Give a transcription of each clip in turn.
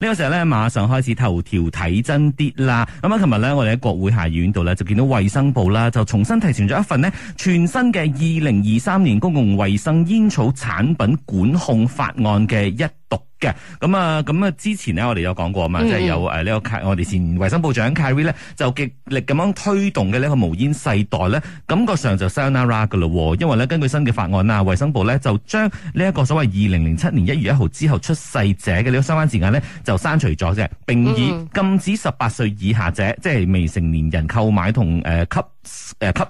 呢個時候咧，馬上開始頭條睇真啲啦。咁啊，琴日咧，我哋喺國會下院度咧，就見到衛生部啦，就重新提呈咗一份呢全新嘅二零二三年公共衛生煙草產品管控法案嘅一。毒嘅咁啊，咁啊，之前呢，我哋有講過啊嘛，嗯、即係有誒呢、啊這個我哋前衛生部長 Khairy 咧就極力咁樣推動嘅呢個無煙世代咧，感覺上就 sound a lot 噶咯，因為咧根據新嘅法案啊，衛生部咧就將呢一個所謂二零零七年一月一號之後出世者嘅呢個相關字眼咧就刪除咗啫，並以禁止十八歲以下者、嗯、即係未成年人購買同誒、呃、吸。誒，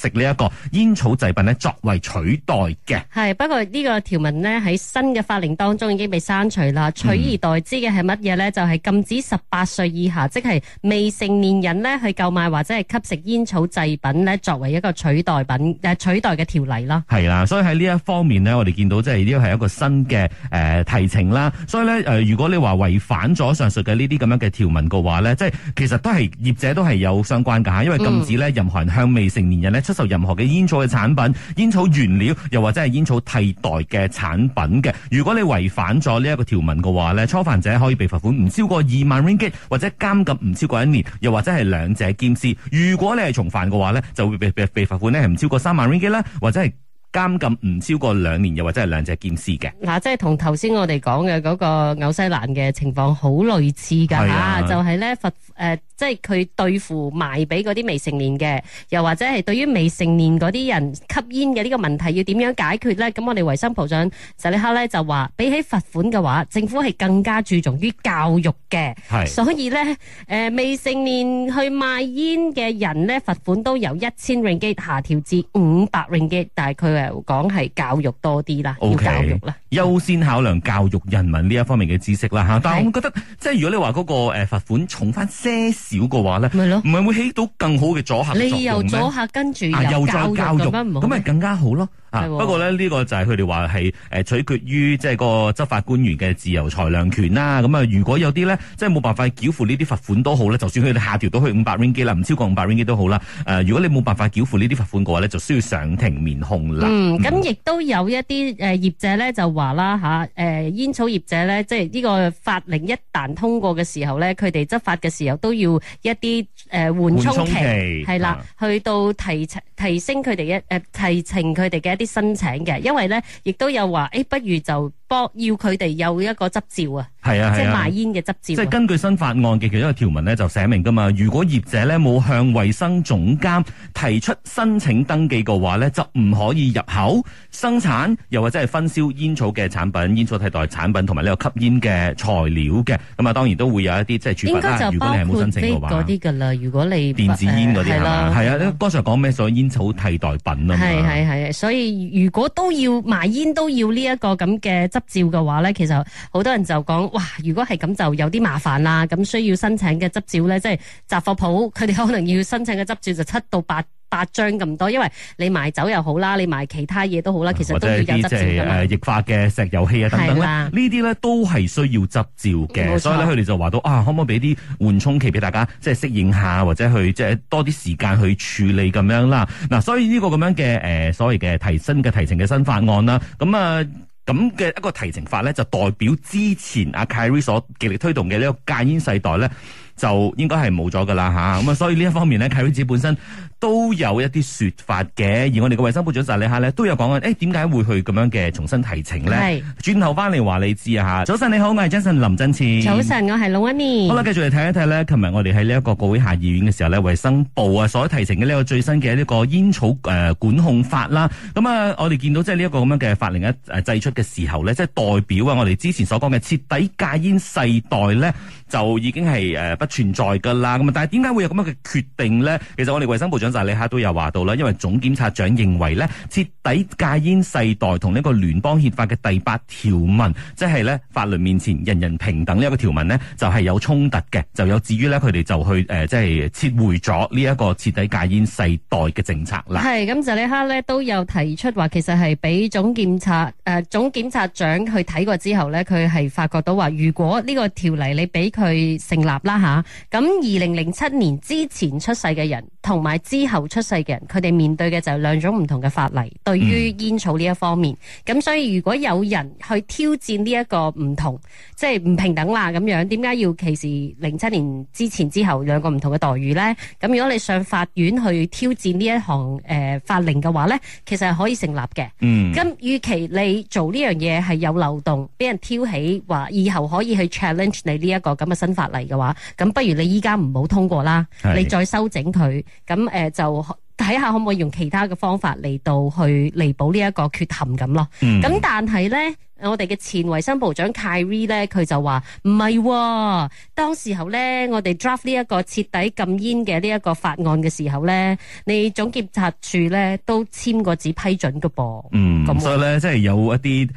吸食呢一個煙草製品咧，作為取代嘅係，不過呢個條文咧喺新嘅法令當中已經被刪除啦，取而代之嘅係乜嘢呢？就係、是、禁止十八歲以下，嗯、即係未成年人咧去購買或者係吸食煙草製品咧，作為一個取代品誒，取代嘅條例啦。係啦，所以喺呢一方面呢，我哋見到即係呢個係一個新嘅誒提程啦。所以呢，誒、呃，如果你話違反咗上述嘅呢啲咁樣嘅條文嘅話呢，即係其實都係業者都係有相關噶吓，因為禁止呢任何人向未成年人咧出售任何嘅煙草嘅產品、煙草原料，又或者係煙草替代嘅產品嘅，如果你違反咗呢一個條文嘅話咧，初犯者可以被罰款唔超過二萬 ringgit，或者監禁唔超過一年，又或者係兩者兼施。如果你係從犯嘅話咧，就會被被罰款咧係唔超過三萬 ringgit 啦，或者係監禁唔超過兩年，又或者係兩者兼施嘅。嗱，即係同頭先我哋講嘅嗰個紐西蘭嘅情況好類似噶，吓、啊、就係咧罰誒。呃即係佢對付賣俾嗰啲未成年嘅，又或者係對於未成年嗰啲人吸煙嘅呢個問題要點樣解決咧？咁我哋衛生部長呢就你克咧就話，比起罰款嘅話，政府係更加注重於教育嘅。係是，所以咧，誒、呃、未成年去賣煙嘅人咧，罰款都由一千 ringgit 下調至五百 ringgit，但係佢係講係教育多啲啦，okay, 教育啦，優先考量教育人民呢一方面嘅知識啦吓。啊、是但係我覺得，即係如果你話嗰、那個誒罰、呃、款重翻些。少嘅話咧，唔係會起到更好嘅阻嚇作用咩？你又阻嚇，跟住又教育，咁咪、啊、更加好咯。係喎。啊、不過咧，呢、呢個就係佢哋話係誒，取決於即係個執法官員嘅自由裁量權啦。咁啊，啊，如果有啲咧，即係冇辦法繳付呢啲罰款都好咧，就算佢哋下調到去五百 ringgit 啦，唔超過五百 ringgit 都好啦。誒、啊，如果你冇辦法繳付呢啲罰款嘅話咧，就需要上庭面控啦。咁亦、嗯嗯、都有一啲誒業者咧就話啦吓，誒、啊、煙、呃、煙草業者咧，即係呢個法令一旦通過嘅時候咧，佢哋執法嘅時候都要。一啲誒緩衝期係啦，的去到提提升佢哋一誒，提呈佢哋嘅一啲申請嘅，因為咧亦都有話誒、欸，不如就。要佢哋有一個執照係啊，係啊即係賣煙嘅執照。即係根據新法案嘅其中一個條文咧，就寫明㗎嘛。如果業者咧冇向衞生總監提出申請登記嘅話咧，就唔可以入口生產，又或者係分銷煙草嘅產品、煙草替代產品，同埋呢個吸煙嘅材料嘅。咁啊，當然都會有一啲即係，應該就包括，如果你係冇申請嘅話，嗰啲㗎啦。如果你電子煙嗰啲係啦，係啊、呃，剛才講咩所謂煙草替代品啊嘛。係係係，所以如果都要賣煙，都要呢、呢、一個咁嘅執照。照嘅話咧，其實好多人就講哇，如果係咁就有啲麻煩啦。咁需要申請嘅執照咧，即係雜貨鋪，佢哋可能要申請嘅執照就七到八八張咁多。因為你賣酒又好啦，你賣其他嘢都好啦，其實都要有執照噶嘛。或者係啲即係誒液化嘅石油氣啊等等啦，呢啲咧都係需要執照嘅。錯所以咧，佢哋就話到啊，可唔可以俾啲緩衝期俾大家，即係適應下，或者去即係多啲時間去處理咁樣啦。嗱、啊，所以呢個咁樣嘅誒、呃，所謂嘅提薪嘅提成嘅新法案啦，咁啊。咁嘅一個提成法咧，就代表之前阿 Kerry 所極力推動嘅呢個戒煙世代咧，就應該係冇咗噶啦吓。咁啊，所以呢一方面咧，Kerry 自己本身。都有一啲說法嘅，而我哋嘅衛生部長就係薩利下咧，都有講啊！誒，點解會去咁樣嘅重新提呈咧？轉頭翻嚟話你知啊嚇。早晨你好，我係 Jason 林振慈。早晨，我係 Loni。好啦，繼續嚟睇一睇咧，琴日我哋喺呢一個國會下議院嘅時候咧，衛生部啊所提呈嘅呢個最新嘅呢個煙草、呃、管控法啦。咁、嗯、啊，我哋見到即係呢一個咁樣嘅法令一誒製出嘅時候咧，即係代表啊，我哋之前所講嘅徹底戒煙世代咧，就已經係、呃、不存在噶啦。咁啊，但係點解會有咁樣嘅決定咧？其實我哋衞生部長。薩里哈都有話到啦，因為總檢察長認為咧徹底戒煙世代同呢個聯邦憲法嘅第八條文，即係咧法律面前人人平等呢一個條文咧，就係有衝突嘅，就有至於咧佢哋就去誒，即係撤回咗呢一個徹底戒煙世代嘅政策啦。係咁，薩里哈咧都有提出話，其實係俾總檢察誒、呃、總檢察長去睇過之後咧，佢係發覺到話，如果呢個條例你俾佢成立啦吓，咁二零零七年之前出世嘅人同埋之後出世嘅人，佢哋面對嘅就係兩種唔同嘅法例。對於煙草呢一方面，咁、嗯、所以如果有人去挑戰呢一個唔同，即係唔平等啦咁樣，點解要歧視零七年之前之後兩個唔同嘅待遇呢？咁如果你上法院去挑戰呢一行誒、呃、法令嘅話呢，其實係可以成立嘅。嗯，咁與其你做呢樣嘢係有漏洞，俾人挑起話以後可以去 challenge 你呢一個咁嘅新法例嘅話，咁不如你依家唔好通過啦，是你再修整佢。咁誒，就睇下可唔可以用其他嘅方法嚟到去彌補呢一個缺陷咁咯。咁、嗯、但係咧，我哋嘅前衛生部長 Kerry 咧，佢就話唔係，當時候咧，我哋 draft 呢一個徹底禁煙嘅呢一個法案嘅時候咧，你總檢察署咧都簽過紙批准噶噃。嗯，咁所以咧，即係有一啲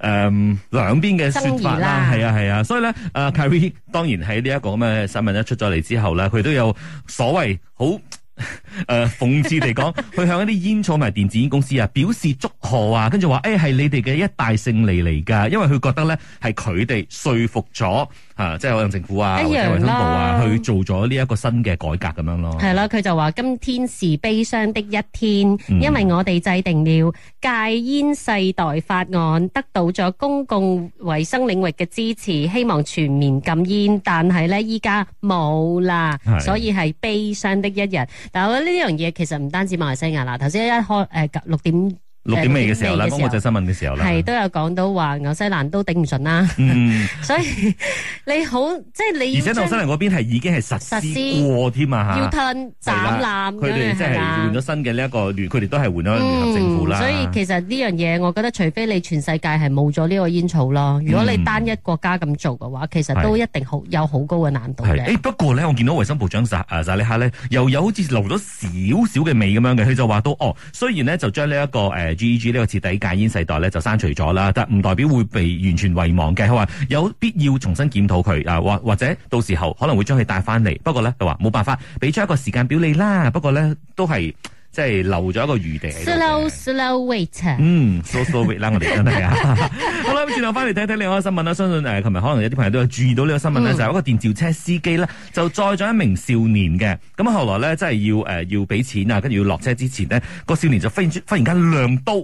誒兩邊嘅說法啦，係啊係啊。所以咧，誒 Kerry 當然喺呢一個咁嘅新聞一出咗嚟之後咧，佢都有所謂好。誒，諷、 呃、刺地講，佢 向一啲煙草同埋電子煙公司啊，表示祝賀啊，跟住話誒，係、哎、你哋嘅一大勝利嚟噶，因為佢覺得咧係佢哋說服咗。吓，即係可能政府啊，或者衛生部啊去做咗呢一個新嘅改革咁樣咯。係啦，佢就話今天是悲傷的一天，因為我哋制定了戒煙世代法案，得到咗公共衛生領域嘅支持，希望全面禁煙。但係咧，依家冇啦，所以係悲傷的一日。的但係我覺得呢樣嘢其實唔單止馬來西亞啦，頭先一開誒六、呃、點。六點尾嘅時候啦，講國際新聞嘅時候啦，係都有講到話紐西蘭都頂唔順啦。嗯，所以你好，即係你。而且紐西蘭嗰邊係已經係實施過添施啊，要褪斬纜，佢哋即係換咗新嘅呢一個，佢哋都係換咗聯合政府啦，嗯。所以其實呢樣嘢，我覺得除非你全世界係冇咗呢個煙草咯，如果你單一國家咁做嘅話，嗯，其實都一定好有好高嘅難度，欸，不過咧，我見到衛生部長薩誒利哈咧，又有好似露咗少少嘅味咁樣嘅，佢就話都哦，雖然咧就將呢一個誒。呃 G E G 呢個徹底戒煙世代咧就刪除咗啦，但係唔代表會被完全遺忘嘅。佢話有必要重新檢討佢啊，或或者到時候可能會將佢帶翻嚟。不過咧，佢話冇辦法，俾出一個時間表你啦。不過咧，都係。即係留咗一個餘地，嗯。Slow, slow, wait。嗯，slow, slow, wait 啦，我哋真係 好啦，轉頭翻嚟睇睇另外一個新聞啦。相信誒，琴、呃、日可能有啲朋友都有注意到呢個新聞咧，嗯、就係一個電召車司機咧，就載咗一名少年嘅。咁啊，後來咧，真係要誒、呃、要俾錢啊，跟住要落車之前咧，個少年就忽然忽然間亮刀。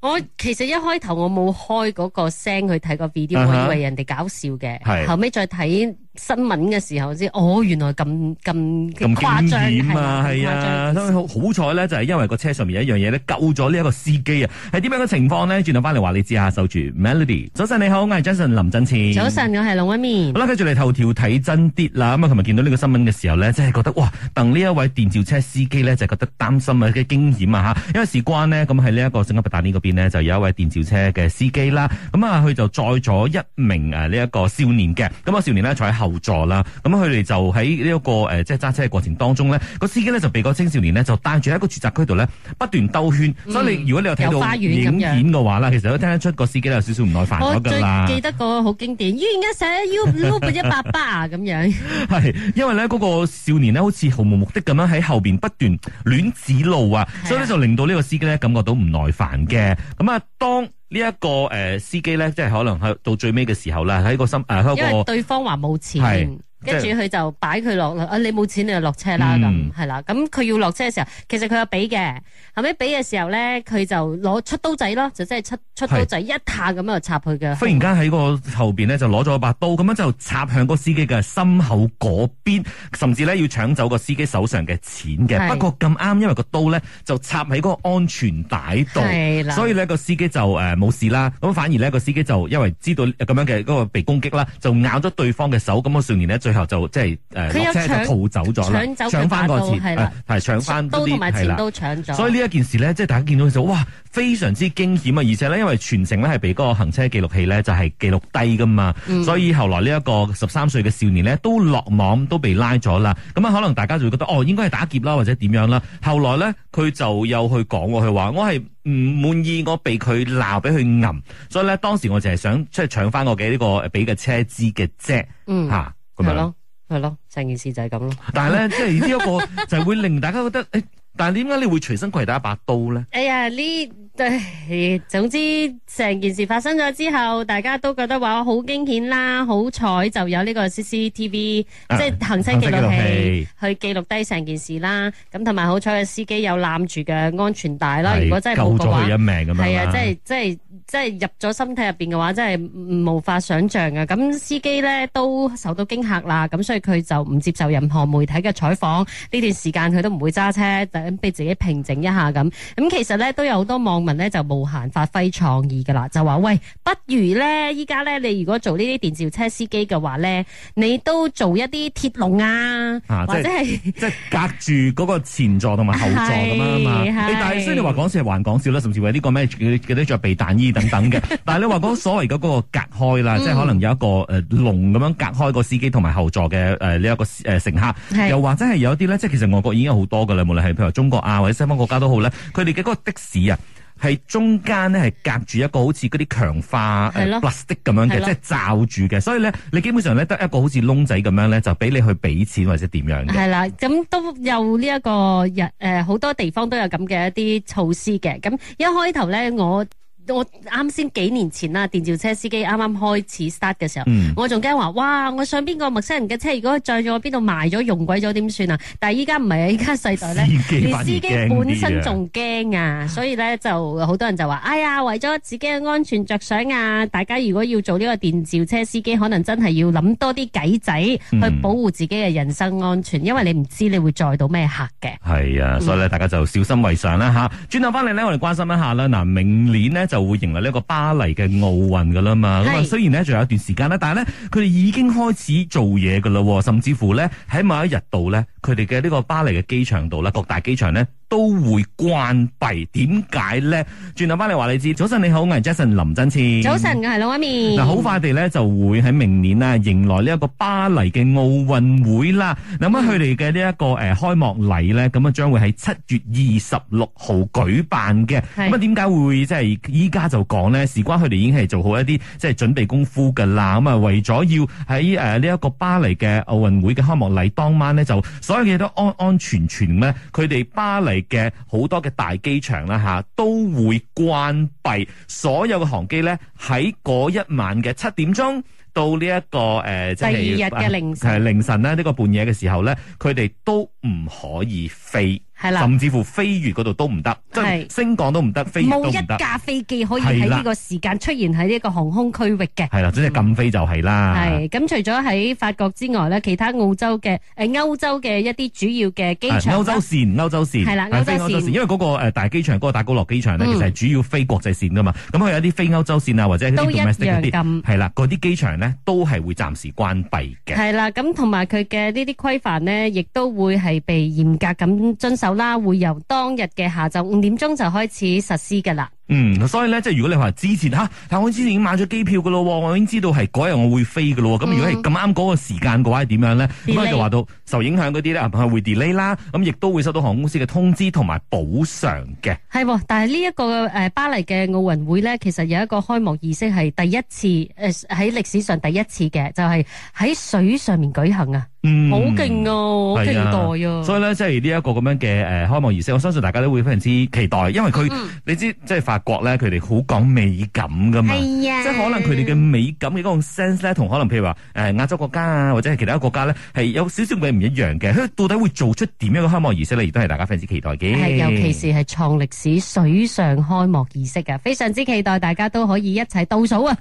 我其實一開頭我冇開嗰個聲去睇個 video，我以為人哋搞笑嘅。係。後尾再睇。新聞嘅時候先，哦，原來咁咁咁誇張啊，係啊，好彩咧就係因為個車上面有一樣嘢，咧救咗呢一個司機啊，係點樣嘅情況呢？轉頭翻嚟話你知下，守住 Melody，早晨你好，我係 Jason 林振前，早晨我係龍威面。好啦，跟住嚟頭條睇真啲啦，咁啊，琴日見到呢個新聞嘅時候咧，真、就、係、是、覺得哇，等呢一位電召車司機咧就覺得擔心啊嘅驚險啊吓，因為事關呢，咁喺呢一個新加坡大呢嗰邊呢，就有一位電召車嘅司機啦，咁啊佢就載咗一名誒呢一個少年嘅，咁、那、啊、個、少年咧在。後座啦，咁佢哋就喺呢一個誒，即係揸車嘅過程當中咧，個司機咧就被個青少年呢就帶住喺一個住宅區度咧不斷兜圈，嗯、所以你如果你有睇到影片嘅話啦，其實都聽得出個司機有少少唔耐煩。我最記得個好經典，依家寫 u 一八八啊咁樣。係， 因為咧嗰個少年呢好似毫無目的咁樣喺後邊不斷亂指路啊，的所以咧就令到呢個司機咧感覺到唔耐煩嘅。咁啊、嗯、當。呢一個司機呢，即係可能到最尾嘅時候啦，喺個心喺個。因為對方話冇錢。跟住佢就擺佢落啦，啊你冇錢你就落車啦咁，係啦，咁、嗯、佢、嗯、要落車嘅時候，其實佢有俾嘅，後尾俾嘅時候咧，佢就攞出刀仔咯，就即係出出刀仔一下咁就插佢嘅，忽然間喺個後邊咧就攞咗把刀，咁樣就插向個司機嘅心口嗰邊，甚至咧要搶走個司機手上嘅錢嘅。的不過咁啱，因為個刀咧就插喺嗰個安全帶度，的所以呢、個司機就誒冇、呃、事啦。咁反而呢、個司機就因為知道咁樣嘅個被攻擊啦，就咬咗對方嘅手。咁個少年呢。最後就即係誒，就是呃、車都逃走咗，搶翻個錢係啦，係搶翻啲係啦，錢都搶咗。所以呢一件事呢即係大家見到嘅時候哇，非常之驚險啊！而且呢因為全程呢係被嗰個行車記錄器呢就係、是、記錄低噶嘛，嗯、所以後來呢一個十三歲嘅少年呢都落網，都被拉咗啦。咁啊，可能大家就會覺得哦，應該係打劫啦，或者點樣啦。後來呢佢就又去講過，佢話我係唔滿意我被佢鬧，俾佢揞。所以呢當時我就係想即係搶翻我嘅呢、這個俾嘅車資嘅啫，吓、嗯。啊係咯，係咯，成件事就係咁咯。但係咧，即係呢一個就係會令大家覺得，誒、 哎，但係點解你會隨身攜帶一把刀咧？哎呀，呢對、哎，總之成件事發生咗之後，大家都覺得話好驚險啦，好彩就有呢個 CCTV、啊、即係行車記錄器，記錄器去記錄低成件事啦。咁同埋好彩嘅司機有攬住嘅安全帶啦。如果真係是救咗佢一命咁樣係係啊，即係吧即係。即係入咗身體入面嘅話，真係無法想象嘅。咁司機咧都受到驚嚇啦，咁所以佢就唔接受任何媒體嘅採訪。呢段時間佢都唔會揸車，等俾自己平靜一下咁。咁其實咧都有好多網民咧就無限發揮創意㗎啦，就話喂，不如咧依家咧你如果做呢啲電召車司機嘅話咧，你都做一啲鐵籠啊，啊或者係即係隔住嗰個前座同埋後座咁 是嘛。你但係雖然你話講笑係還講笑啦，甚至為呢個咩嘅啲着避彈衣。等嘅， 但係你話嗰所謂嗰個隔開啦，嗯、即係可能有一個誒籠咁樣隔開個司機同埋後座嘅誒呢一個誒、呃呃、乘客，是又或者係有一啲咧，即係其實外國已經好多噶啦，無論係譬如中國啊或者西方國家都好咧，佢哋嘅嗰個的士啊，係中間咧係隔住一個好似嗰啲強化 plastic 咁樣嘅，的即係罩住嘅，所以咧你基本上咧得一個好似窿仔咁樣咧，就俾你去俾錢或者點樣嘅。係啦，咁都有呢、這、一個誒，好、呃、多地方都有咁嘅一啲措施嘅。咁一開頭咧我。我啱先幾年前啦，電召車司機啱啱開始 start 嘅時候，嗯、我仲驚話：哇！我上邊個陌生人嘅車，如果載咗我邊度，埋咗，用鬼咗，點算啊？但係依家唔係啊，依家世代咧，連司機本身仲驚啊，所以咧就好多人就話：哎呀，為咗自己嘅安全着想啊，大家如果要做呢個電召車司機，可能真係要諗多啲計仔去保護自己嘅人身安全，嗯、因為你唔知你會載到咩客嘅。係啊，所以咧大家就小心為上啦嚇。轉頭翻嚟咧，我哋關心一下啦。嗱，明年呢。就。會迎來呢個巴黎嘅奧運噶啦嘛，咁啊是雖然咧仲有一段時間啦，但係咧佢哋已經開始做嘢噶啦，甚至乎咧喺某一日度咧。佢哋嘅呢個巴黎嘅機場度啦，各大機場呢都會關閉。點解咧？轉頭翻嚟話你知，早晨你好，我係 Jason 林真次。早晨，㗎係老阿咪。嗱，好快地咧就會喺明年啊迎來呢一個巴黎嘅奧運會啦。咁啊、嗯，佢哋嘅呢一個誒開幕禮咧，咁啊將會喺七月二十六號舉辦嘅。咁啊是，點解會即係依家就講、是、咧？事關佢哋已經係做好一啲即係準備功夫噶啦。咁啊，為咗要喺誒呢一個巴黎嘅奧運會嘅開幕禮當晚咧就。所有嘢都安安全全咧，佢哋巴黎嘅好多嘅大機場啦吓，都會關閉所有嘅航機咧，喺嗰一晚嘅七點鐘到呢、這、一個個誒，呃即係、第二日嘅凌晨、呃、凌晨咧呢、這個半夜嘅時候咧，佢哋都唔可以飛。係啦，甚至乎飛越嗰度都唔得，即係升降都唔得，飛都唔得。冇一架飛機可以喺呢個時間出現喺呢一個航空區域嘅。係啦，即係禁飛就係啦。係咁，除咗喺法國之外呢，其他澳洲嘅誒歐洲嘅一啲主要嘅機場。歐洲線、歐洲線。係啦，歐洲線，因為嗰個大機場嗰個戴高樂機場呢，其實係主要飛國際線噶嘛。咁佢有啲飛歐洲線啊，或者係啲 domestic 嘅，嗰啲機場呢，都係會暫時關閉嘅。係啦，咁同埋佢嘅呢啲規範呢，亦都會係被嚴格咁遵守啦，會由當日嘅下晝五點鐘就開始實施噶啦。嗯，所以咧，即係如果你話之前吓、啊，但我之前已經買咗機票噶咯，我已經知道係嗰日我會飛噶咯。咁、嗯、如果係咁啱嗰個時間嘅話是怎樣呢，係點樣咧？咁咧就話到受影響嗰啲咧，係唔係會 delay 啦？咁亦都會收到航空公司嘅通知同埋補償嘅。係，但係呢一個誒、呃、巴黎嘅奧運會咧，其實有一個開幕儀式係第一次，誒喺歷史上第一次嘅，就係、是、喺水上面舉行啊。嗯，好勁啊，好期待啊！啊所以咧，即係呢一個咁樣嘅誒開幕儀式，我相信大家都會非常之期待，因為佢、嗯、你知即係法國咧，佢哋好講美感噶嘛，哎、呀即係可能佢哋嘅美感嘅嗰種 sense 咧，同可能譬如話誒亞洲國家啊，或者係其他國家咧，係有少少會唔一樣嘅。佢到底會做出點樣嘅開幕儀式咧？亦都係大家非常之期待嘅。係，尤其是係創歷史水上開幕儀式啊！非常之期待，大家都可以一齊倒數啊！